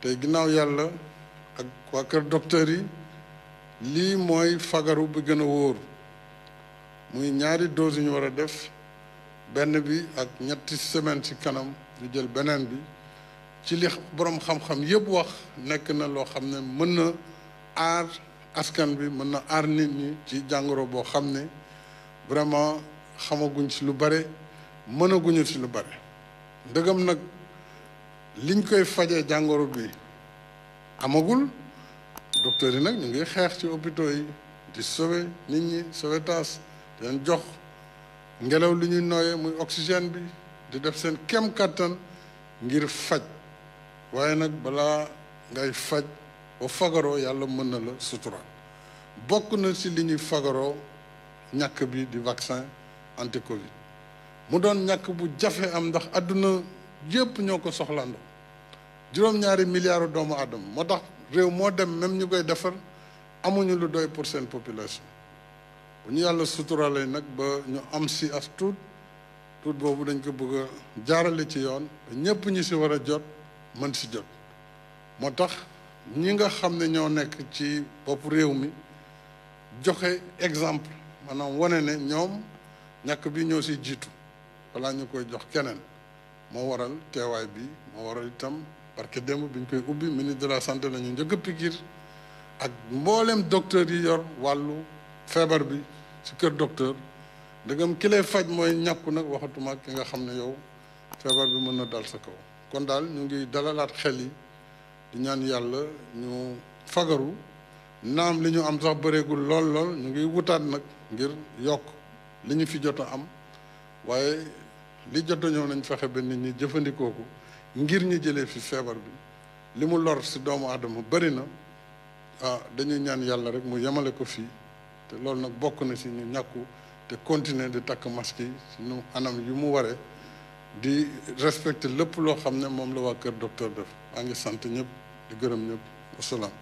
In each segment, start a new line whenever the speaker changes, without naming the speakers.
tey ginnaaw yàlla ak waa kër yi lii mooy fagaru bi gën a wóor muy ñaari doses ñu war a def benn bi ak ñetti semaine ci kanam ñu jël beneen bi ci li boroom xam-xam yépp wax nekk na loo xam ne mën na aar askan bi mën na aar nit ñi ci jàngoro boo xam ne vraiment xamaguñ ci lu bare mënaguñu ci lu bare ndëgam nag liñ koy fajee jàngoro bi amagul docteur yi nag ñu ngi xeex ci hôpitaux yi di sauver nit ñi sauvetage di leen jox ngelaw li ñuy nooyee muy oxygène bi di def seen kem kattan ngir faj waaye nag balaa ngay faj ba fagaroo yàlla mën na la sutura bokk na ci li ñuy fagaroo ñàkk bi di vaccin anti mu doon ñàkk bu jafe am ndax àdduna yëpp ñoo ko soxlaandoo juróom-ñaari milliards doomu aadama moo tax réew moo dem même ñu koy defar amuñu lu doy pour seen population bu ñu yàlla suturalee nag ba ñu am si as tuut tuut boobu dañ ko bëgg a jaarale ci yoon ñëpp ñu si war a jot mën si jot moo tax ñi nga xam ne ñoo nekk ci bopp réew mi joxe exemple maanaam wane ne ñoom ñàkk bi ñoo si jiitu balaa ñu koy jox keneen moo waral teewaay bi moo waral itam parce que démb bi ñu koy ubbi ministre de la santé la ñu njëkk a pikiir ak mbooleem docteur yi yor wàllu feebar bi ci kër docteur ndegam ki faj mooy ñàkku nag waxatumaak ki nga xam ne yow feebar bi mën na dal sa kaw kon daal ñu ngi dalalaat xel yi di ñaan yàlla ñu fagaru naam li ñu am sax bëreegul lool lool ñu ngi wutaat nag ngir yokk li ñu fi jot am waaye li jot a nañ fexe ba nit ñi jëfandikoo ko ngir ñu jëlee fi feebar bi li mu lor si doomu aadama bëri na ah dañuy ñaan yàlla rek mu yemale ko fii te loolu nag bokk na si ñu ñàkku te continuer di takk masque yi suñu anam yi mu waree di respecter lépp loo xam ne moom la waa kër docteur def a ngi sant ñëpp di gërëm ñëpp wasalaam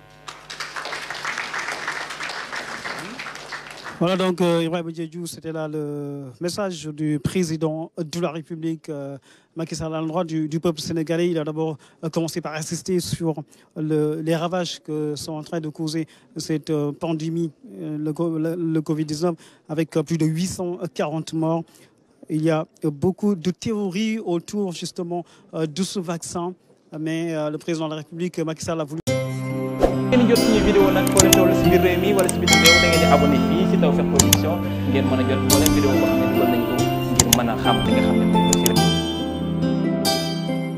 Voilà donc euh, Ibrahim Diédhiou, c'était là le message du président de la République euh, Macky Sall à l'endroit du, peuple sénégalais. Il a d'abord euh, commencé par insister sur les ravages que sont en train de causer cette pandémie, le, le, le covid avec plus de 840 morts. Il y a beaucoup de théories autour justement de ce vaccin, mais le président de la République Macky Sall voulu... ngeen jot suñu vidéo nag mi wala da ngeen
di abonné a xam ne dugal a xam